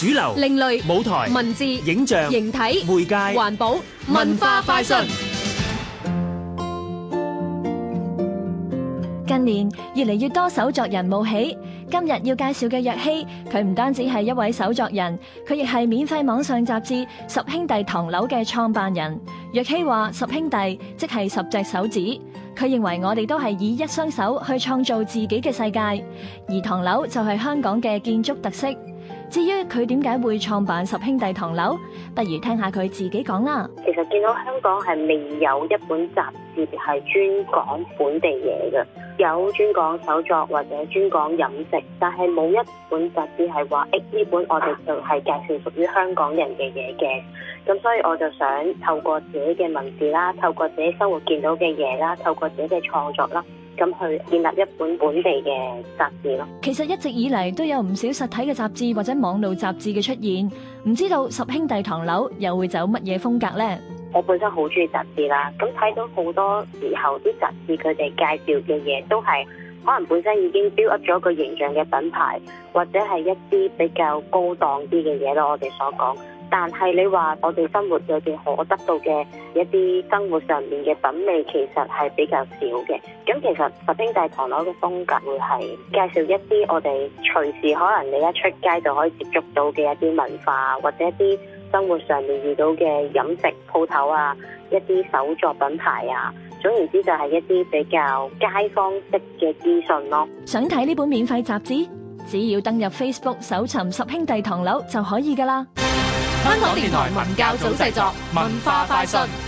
主流、另類舞台、文字、影像、形體、媒介、環保、文化快訊。近年越嚟越多手作人冒起，今日要介紹嘅若曦，佢唔單止係一位手作人，佢亦係免費網上雜誌《十兄弟唐樓》嘅創辦人。若曦話：十兄弟即係十隻手指，佢認為我哋都係以一雙手去創造自己嘅世界，而唐樓就係香港嘅建築特色。至於佢點解會創辦十兄弟唐樓，不如聽下佢自己講啦。其實見到香港係未有一本雜誌係專講本地嘢嘅，有專講手作或者專講飲食，但係冇一本雜誌係話誒呢本我哋就係介紹屬於香港人嘅嘢嘅。咁所以我就想透過自己嘅文字啦，透過自己生活見到嘅嘢啦，透過自己嘅創作啦。咁去建立一本本地嘅雜誌咯。其實一直以嚟都有唔少實體嘅雜誌或者網路雜誌嘅出現，唔知道十兄弟唐樓又會走乜嘢風格咧？我本身好中意雜誌啦，咁睇到好多時候啲雜誌佢哋介紹嘅嘢都係可能本身已經 build up 咗個形象嘅品牌，或者係一啲比較高檔啲嘅嘢咯。我哋所講。但係你話我哋生活入邊可得到嘅一啲生活上面嘅品味，其實係比較少嘅。咁其實十兄弟唐樓嘅風格會係介紹一啲我哋隨時可能你一出街就可以接觸到嘅一啲文化，或者一啲生活上面遇到嘅飲食鋪頭啊，一啲手作品牌啊，總言之就係一啲比較街坊式嘅資訊咯啊。想睇呢本免費雜誌，只要登入 Facebook 搜尋十兄弟唐樓就可以噶啦。香港電台文教組製作，文化快訊。